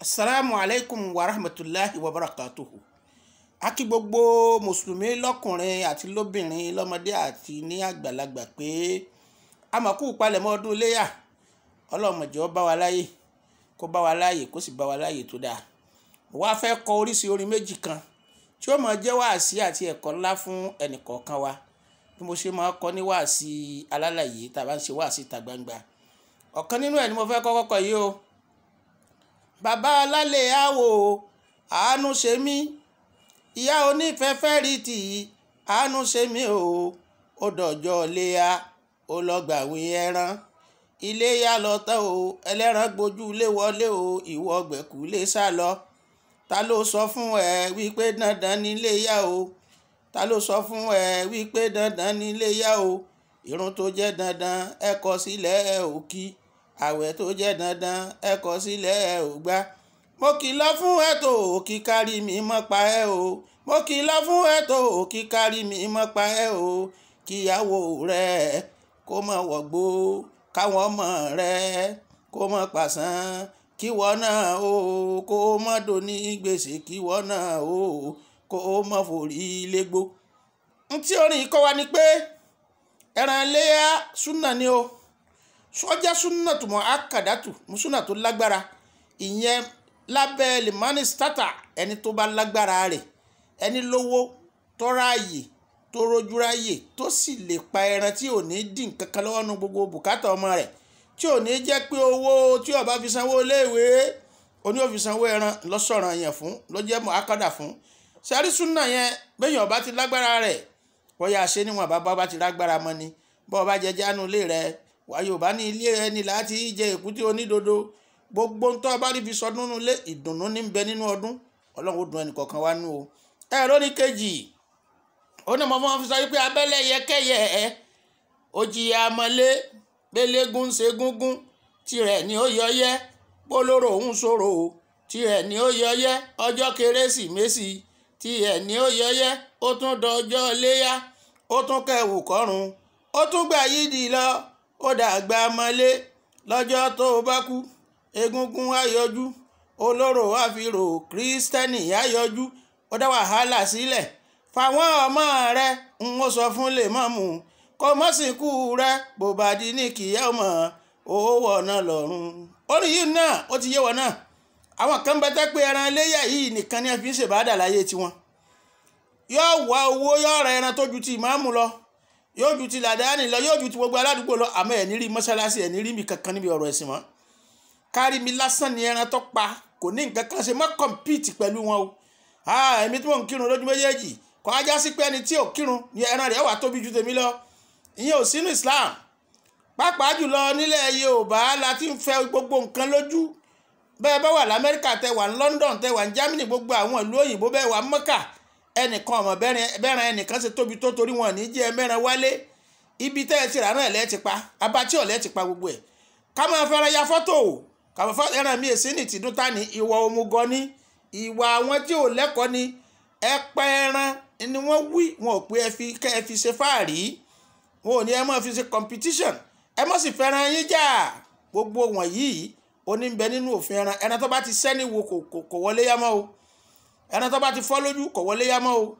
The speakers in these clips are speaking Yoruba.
asalaamu alaykum wa rahmatulahi wa barakatuhu a kí gbogbo mùsùlùmí lọ́kùnrin àti lóbìnrin lọ́mọdé àti ní àgbàlagbà pé amọ̀kú palẹ̀mọ́ ọdún iléyà ọlọ́mọjọ́ bá wa láyè kó bá wa láyè kó sì bá wa láyè tó dáa mo wá fẹ́ kọ oríṣi orin méjì kan tí ó máa jẹ́ wáàsí àti ẹ̀kọ́ ńlá fún ẹnìkọ̀ọ̀kan wa bí mo ṣe máa kọ ní wáàsí alálàyé tá a bá ń ṣe wáàsí ìta gbangba ọ̀kan nínú ẹ̀ ni mo fẹ́ kọ́kọ́ kọ yìí o bàbá alálẹ̀ àwò àánú ṣe mí ìyá onífẹ́fẹ́ rí tì àánú ṣe mí o ó dọ̀jọ́ léa ó lọ gbàwìn ẹran iléyà lọ tán o ẹlẹ́ran gbójú lé wọlé o ìwọ gbẹ̀kú lè sá lọ ta ló sọ fún ẹ wípé dandan níléyà o ta ló sọ fún ẹ wípé dandan níléyà o irun tó jẹ́ dandan ẹ kọ sílẹ̀ ẹ ò kí. àwẹ̀ tó jẹ́ dandan ẹ sílẹ̀ ẹ ò fún ẹ̀tọ́ kí kárí mi mọ́ pa ẹ́ o mo kìlọ̀ fún ẹ̀tọ́ kárí mi mọ́ pa ẹ́ o kíyàwó rẹ kó mọ̀ wọ̀gbó káwọn ọmọ rẹ kó mọ̀ pàṣán kíwọ náà o kó mọ̀ gbèsè náà o kó mọ̀ forí légbó. n orin kọ́ wa ni pé ẹran iléyà súnà sọ́jà súnà tùmọ̀ akàdátù súnà tó lágbára ìyẹn lábẹ́ limani stata ẹni tó bá lágbára rẹ̀ ẹni lówó tọ́ráàyè tó rojúráyè tó sì lè pa ẹran tí ò ní dín kankan lọ́wọ́ nu gbogbo bùkátà ọmọ rẹ̀ tí ò ní jẹ́ pé owó tí ó bá fi sanwó iléèwé oní ó fi sanwó ẹran lọ́sọ̀ràn yẹn fún ló jẹ́ mọ́ akádà fún sẹ́rí súnà yẹn bẹ́yìn ọba ti lágbára rẹ̀ wọ́n yà ṣe níwọ̀n bàbá bá ti lágbára mọ́ ni bọ́ọ̀ bá jẹ jánu ilé rẹ̀ Wayoba ní ilé ẹni láti jẹ èkúté onídodo gbogbo ń tọ́ abáríbi sọdún nulẹ̀ ìdùnnú ní bẹ nínú ọdún ọlọ́run ó dùn ẹnì kọ̀ọ̀kan wá nú o. ẹ lórí kejì ó ní mọ̀mọ́ fi sọ wípé abẹ́lẹ̀ yẹkẹ́yẹ ẹ̀ ó jìyà mọ́lé gbélégún ṣegúngún tirẹ̀ ni ó òun ṣòro o tirẹ̀ ni ó yọyẹ́ ọjọ́ kérésìmesì tirẹ̀ ni ó yọyẹ́ ó tún dọjọ́ léyà ó tún kẹwù kọrùn ó tún gbà yídì lọ ó dàgbà mọ́lé lọ́jọ́ tó o bá kú egungun ayọjú olóró àfirò kírísítẹ́nì ayọjú ó dá wàhálà sílẹ̀ fáwọn ọmọ rẹ ń ó sọ fún lèmọ́mù kó mọ́ sìnkú rẹ bó bá di ní kìyà ọmọ owó wọ̀nà lọ́rùn. orí yìí náà ó ti yé wọn náà àwọn kan bẹ tẹ́ pé ẹran iléyà yìí nìkan ni a fi ń ṣèbádà láyé tiwọn yóò wá owó yóò ra ẹran tó ju ti ìmáàmù lọ yóò ju ti làdáni lọ yóò ju ti gbogbo aládùúgbò lọ àmọ́ ẹ̀ nírí mọ́ṣáláṣí ẹ̀ nírí mi kankan níbi ọ̀rọ̀ ẹ̀sìn mọ́ kárí mi lásán ni ẹran tó pa kò ní nǹkan kan ṣe má compete pẹ̀lú wọn o ah, èmi tí mò ń kírun lójú méjèèjì kò á já sí pé ẹni tí ò kírun ni ẹran rẹ̀ wà tóbi ju tèmi lọ ìyẹn ò sínú Islam pàápàá jùlọ nílẹ̀ Yorùbá la ti ń fẹ́ gbogbo nǹkan lójú bẹ́ẹ̀ bá wà lamẹ́ríkà tẹ wà ní London tẹ wà ní Germany gbogbo àwọn ìlú òyìnbó bẹ́ẹ̀ wà mọ́kà ẹnìkan ọmọ enikan ẹnìkan ṣe tóbi tó torí wọn ní jẹ́ wálé ibi tẹ́ ẹ ti rà náà lẹ́ẹ̀ ti pa abatí gbogbo ẹ̀ ká máa fẹ́ràn ya fọ́tò o ká ẹran mi èsì ní tìdún ta ni ìwà ni ìwà àwọn tí ò lẹ́kọ̀ọ́ ni ẹ pẹ́ ẹran ni wọ́n wí ní ẹ máa fi ṣe competition ẹ gbogbo wọ̀nyí oníbẹ̀ nínú òfin ẹran ẹran tó wo kò wọlé yá ẹran tó bá ti fọ́ lójú kò wọlé yá mọ́ o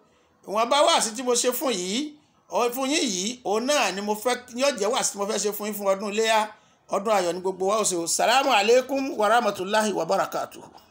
ìwọ̀n bá wàásí tí mo ṣe fún yìí fún yín yìí òun náà ni mo fẹ́ yóò jẹ́ wàásí tí mo fẹ́ ṣe fún yín fún ọdún iléyà ọdún ayọ̀ ní gbogbo wa ó ṣe o salamu alaikum warahmatullahi wabarakatuh.